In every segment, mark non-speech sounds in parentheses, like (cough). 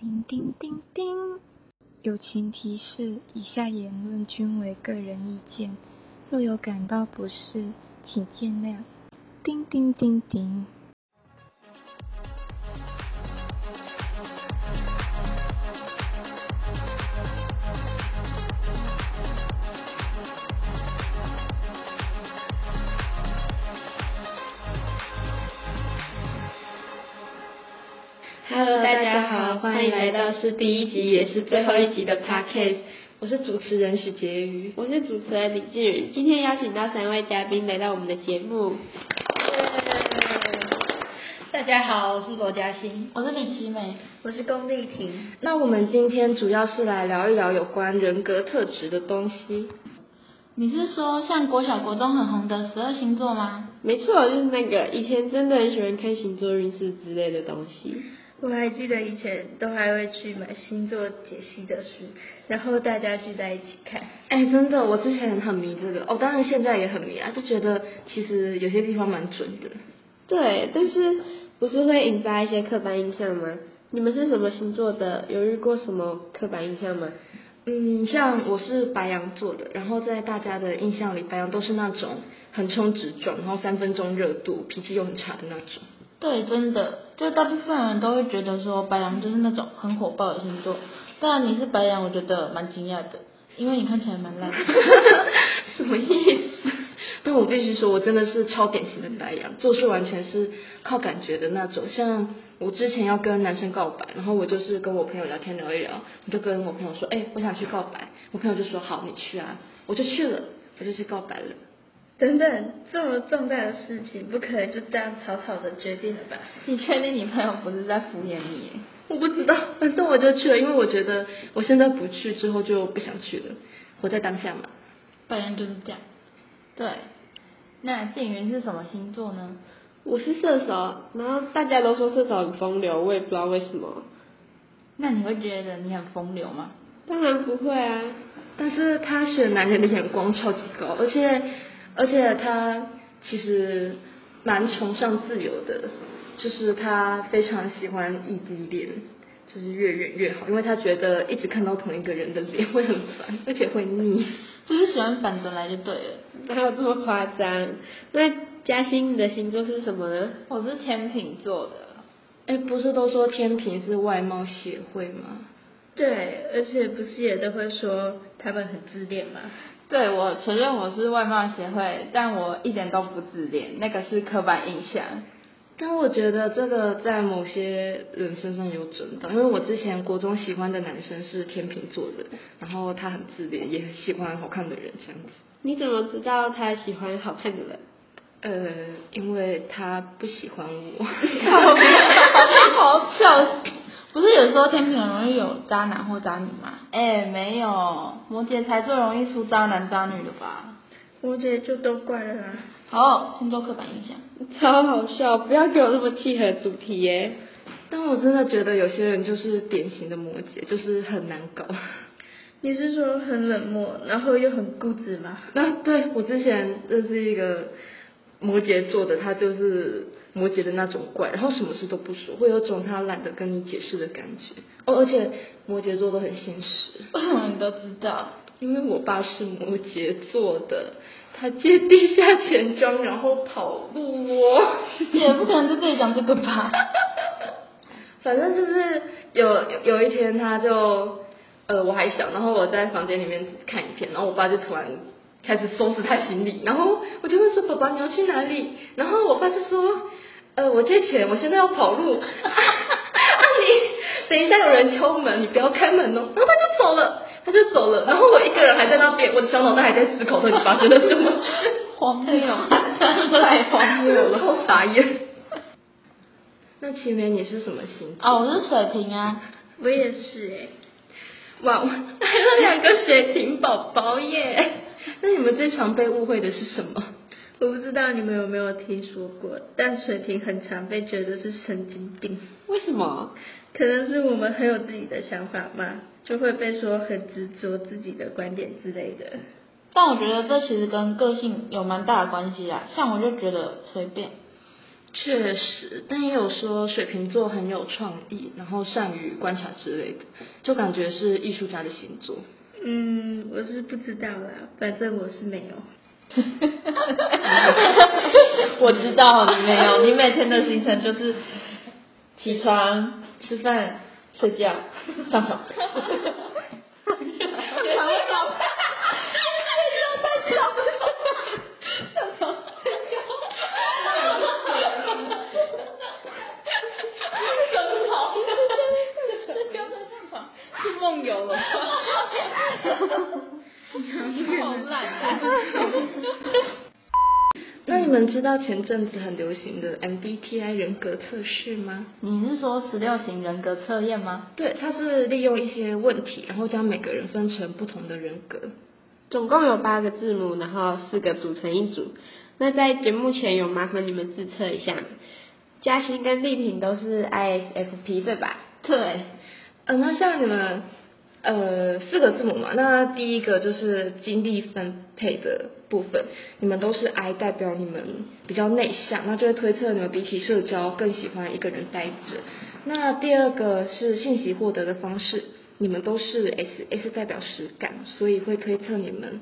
叮叮叮叮，友情提示：以下言論均為個人意見，若有感到不適，請見諒。叮叮叮叮。Hello，大家好，歡迎來到是第一集，第一集也是最後一集的 podcast。我是主持人許倢瑜，我是主持人李靜芸。今天邀請到三位嘉賓來到我們的節目。大家好，我是羅佳歆，我是李祈玫，我是龔莉婷。那我們今天主要是來聊一聊有關人格特質的東西。你是說像國小國中很紅的十二星座嗎？沒錯，就是那個，以前真的很喜歡看星座運勢之類的東西。我還記得以前都還會去買星座解析的書，然後大家聚在一起看。哎、欸，真的，我之前很迷這個，哦，當然現在也很迷啊，就覺得其實有些地方蠻準的。對，但是不是會引發一些刻板印象嗎？嗯、你們是什麼星座的？有遇過什麼刻板印象嗎？嗯，像我是白羊座的，然後在大家的印象裡，白羊都是那種橫衝直撞，然後三分鐘熱度，脾氣又很差的那種。對，真的，就大部分人都會覺得說白羊就是那種很火爆的星座，但你是白羊，我覺得蠻驚訝的，因為你看起來蠻爛。 (laughs) 什麼意思？但我必須說，我真的是超典型的白羊，做事完全是靠感覺的那種。像我之前要跟男生告白，然後我就是跟我朋友聊天聊一聊，我就跟我朋友說，哎、欸，我想去告白，我朋友就說好，你去啊，我就去了，我就去告白了。等等，這麼重大的事情不可以就這樣草草的決定了吧？你確定你朋友不是在敷衍你？我不知道，反正我就去了，因為我覺得我現在不去之後就不想去了，活在當下嘛。本人就是這樣。對，那靜芸是什麼星座呢？我是射手，然後大家都說射手很風流，我也不知道為什麼。那你會覺得你很風流嗎？當然不會啊。但是他選男人的眼光超級高，而且，而且他其實蠻崇尚自由的，就是他非常喜歡異地戀，就是越遠越好，因為他覺得一直看到同一個人的臉會很煩，而且會膩，就是喜歡反着來就對了，哪有這麼誇張。那佳歆你的星座是什麼呢？我、哦、是天秤座的。哎、欸，不是都說天秤是外貌協會嗎？對，而且不是也都會說他們很自戀嗎？對，我承認我是外貌協會，但我一點都不自戀，那個是刻板印象。但我覺得這個在某些人身上有準的，因為我之前國中喜歡的男生是天秤座的，然後他很自戀，也很喜歡好看的人，這樣子。你怎麼知道他喜歡好看的人？呃，因為他不喜歡我。好笑。 (laughs) (laughs) 不是有時候天秤很容易有渣男或渣女嗎？哎，沒有，摩羯才最容易出渣男渣女的吧？摩羯就都怪了啦。好，先做刻板印象。超好笑，不要給我那麼契合主題耶。但我真的覺得有些人就是典型的摩羯，就是很難搞。你是說很冷漠，然後又很固執嗎？那、啊、對，我之前認識一個摩羯座的，他就是。摩羯的那種怪，然後什麼事都不說，會有種他懶得跟你解釋的感覺。哦，而且摩羯座都很現實。哦，你都知道，因為我爸是摩羯座的，他借地下錢莊，然後跑路哦，也不天 (laughs) 可能是這裡講這個吧。 (laughs) 反正就是有有，有一天，他就呃我還小，然後我在房間裡面看影片，然後我爸就突然。開始收拾他行李，然後我就問說：“爸爸，你要去哪裡？”然後我爸就說：“呃，我借錢，我現在要跑路。啊 (laughs) 啊”你等一下有人敲門，你不要開門哦。然後他就走了，他就走了。然後我一個人還在那邊，我的小腦袋還在思考到底發生了什麼荒謬，太荒謬了，我傻眼。那前面你是什麼星座？哦，我是水瓶啊。我也是哎。哇，我來了兩個水瓶寶寶耶！那你們最常被誤會的是什麼？我不知道你們有沒有聽說過，但水瓶很常被覺得是神經病。為什麼？可能是我們很有自己的想法嘛，就會被說很執着自己的觀點之類的。但我覺得這其實跟個性有蠻大的關係啊，像我就覺得隨便。確實，但也有說水瓶座很有創意，然後善於觀察之類的，就感覺是藝術家的星座。嗯，我是不知道啦，反正我是沒有。 (laughs) 我知道你沒有，你每天的行程就是起床、吃飯、睡覺、上床手。 (laughs) 知道前陣子很流行的 MBTI 人格測試嗎？你是說十六型人格測驗嗎？嗯？對，它是利用一些問題，然後將每個人分成不同的人格，總共有八個字母，然後四個組成一組。嗯、那在節目前有麻煩你們自測一下，佳歆跟莉婷都是 ISFP 對吧？對，呃、嗯，那像你們呃四個字母嘛，那第一個就是精力分配的部分，你們都是 I，代表你們比較內向，那就會推測你們比起社交更喜歡一個人待着。那第二個是信息獲得的方式，你們都是 S，S 代表實感，所以會推測你們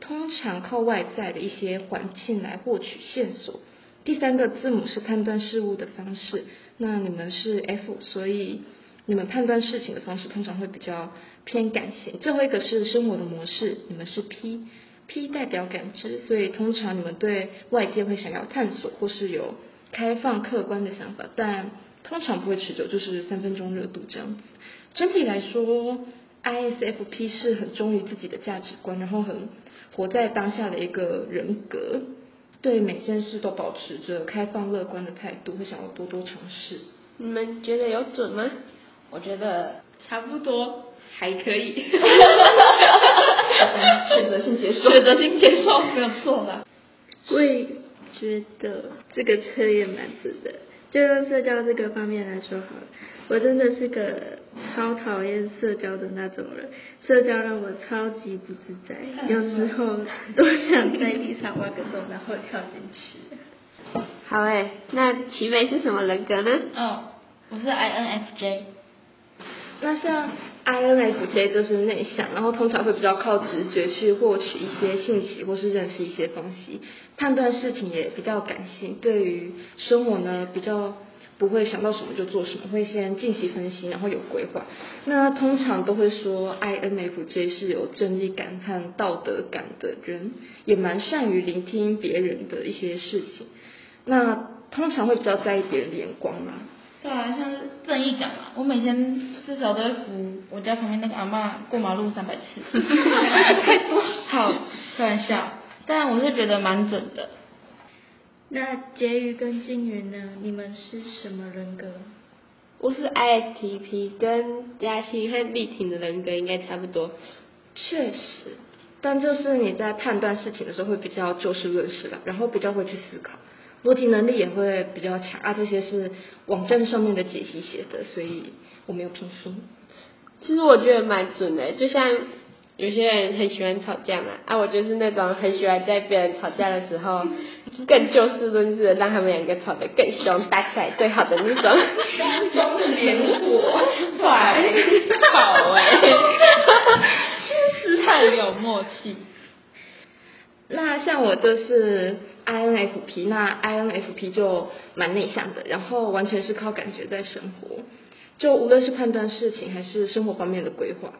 通常靠外在的一些環境來獲取線索。第三個字母是判斷事物的方式，那你們是 F，所以你們判斷事情的方式通常會比較偏感性。最後一個是生活的模式，你們是 P。P 代表感知，所以通常你們對外界會想要探索，或是有開放、客觀的想法，但通常不會持久，就是三分鐘熱度這樣子。整體來說，ISFP 是很忠於自己的價值觀，然後很活在當下的一個人格，對每件事都保持着開放、樂觀的態度，會想要多多嘗試。你們覺得有準嗎？我覺得差不多，還可以。 (laughs) 選擇性接受，選擇性接受沒有錯吧。會覺得這個測也蠻值得，就用社交這個方面來說好了。我真的是個超討厭社交的那種人，社交讓我超級不自在，有時候都想在地上挖個洞然後跳進去。 (laughs) 好哎、欸，那祈玫是什麼人格呢？嗯、哦，我是 INFJ。那像。INFJ 就是內向，然後通常會比較靠直覺去獲取一些信息，或是認識一些東西，判斷事情也比較感性。對於生活呢，比較不會想到什麼就做什麼，會先進行分析，然後有規劃。那通常都會說 INFJ 是有正義感和道德感的人，也蠻善於聆聽別人的一些事情。那通常會比較在意別人的眼光啦、啊。對啊，像是正義感嘛，我每天至少都會扶我家旁邊那個阿嬤過馬路三百次。 (laughs) (laughs) 多好，開玩， (laughs) 笑，但我是覺得蠻準的。那倢瑜跟靜芸呢？你們是什麼人格？我是 ISTP，跟佳歆和莉婷的人格應該差不多。確實，但就是你在判斷事情的時候會比較就事論事了，然後比較會去思考。邏輯能力也會比較強啊，這些是網站上面的解析寫的，所以我沒有偏心。其實我覺得蠻準的，就像有些人很喜歡吵架嘛，啊，我就是那種很喜歡在別人吵架的時候 (laughs) 更就事論事的，讓他們兩個吵得更凶， (laughs) 打起來最好的那種。煽風 (laughs) (laughs) 的 (laughs) 點火，快跑哎，真是 (laughs) 太有默契。那像我就是，INFP 那 INFP 就蠻內向的，然後完全是靠感覺在生活，就無論是判斷事情，還是生活方面的規劃，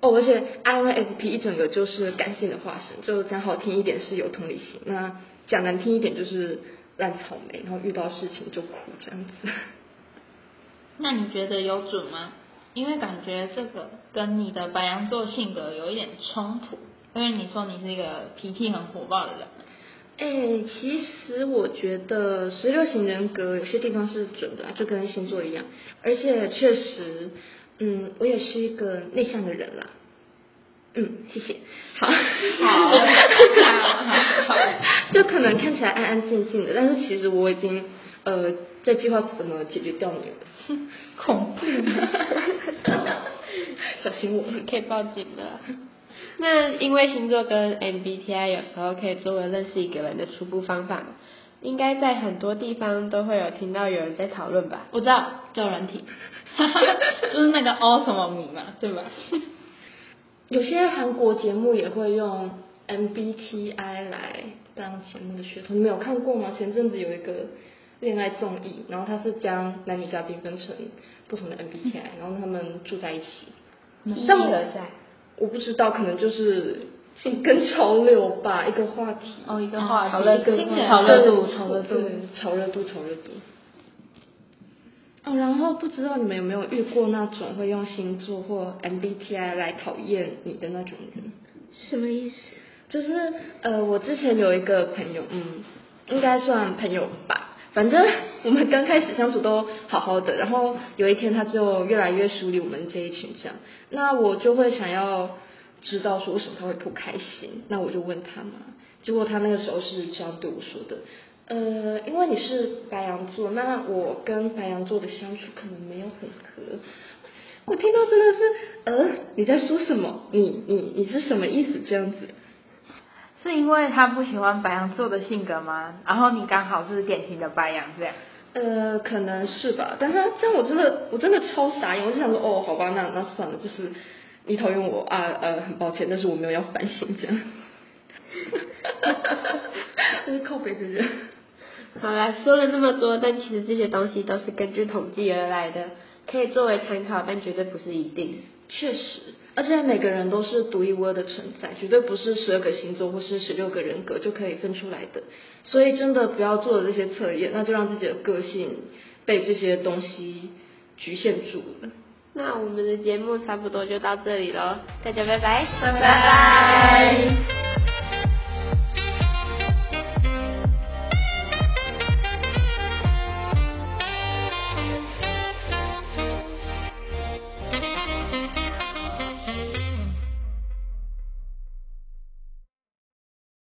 哦，而且 INFP 一整個就是感性的化身，就講好聽一點是有同理心，那講難聽一點就是爛草莓，然後遇到事情就哭這樣子。那你覺得有準嗎？因為感覺這個跟你的白羊座性格有一點衝突，因為你說你是一個脾氣很火爆的人。哎，其實我覺得十六型人格有些地方是準的，就跟星座一樣。而且確實，嗯，我也是一個內向的人了。嗯，謝謝。好。好。好。好好 (laughs) 就可能看起來安安靜靜的，但是其實我已經呃在計劃怎麼解決掉你了。恐怖。 (laughs) 小心我，我可以報警的。那因為星座跟 MBTI 有時候可以作為認識一個人的初步方法嘛，應該在很多地方都會有聽到有人在討論吧？我知道叫軟體，哈哈， (laughs) 就是那個 O 什麼米嘛，對吧？有些韓國節目也會用 MBTI 來當節目的噱頭，你沒有看過嗎？前陣子有一個戀愛綜藝，然後他是將男女嘉賓分成不同的 MBTI，然後他們住在一起，一而再。我不知道，可能就是緊跟潮流吧，一個話題，哦，一個話題，炒熱度，炒熱度，炒熱度，炒熱度。哦，然後不知道你們有沒有遇過那種會用星座或 MBTI 來討厭你的那種人？什麼意思？就是呃，我之前有一個朋友，嗯，應該算朋友吧。反正我們剛開始相處都好好的，然後有一天他就越來越疏離我們這一群這樣。那我就會想要知道說為什麼他會不開心，那我就問他嘛。結果他那個時候是這樣對我說的：“呃，因為你是白羊座，那我跟白羊座的相處可能沒有很合。”我聽到真的是，呃，你在說什麼？你你你是什麼意思這樣子？是因為他不喜歡白羊座的性格嗎？然後你剛好是典型的白羊，這樣？呃，可能是吧。但是，這樣我真的，我真的超傻眼。我就想說，哦，好吧，那那算了，就是你討厭我啊，呃，很抱歉，但是我沒有要反省，這樣。 (laughs) 就是靠北的人。好啦，說了那麼多，但其實這些東西都是根據統計而來的，可以作為參考，但絕對不是一定。確實，而且每個人都是獨一無二的存在，絕對不是十二個星座或是十六個人格就可以分出來的。所以真的不要做這些測驗，那就讓自己的個性被這些東西局限住了。那我們的節目差不多就到這裡囉，大家拜拜，拜拜。拜拜。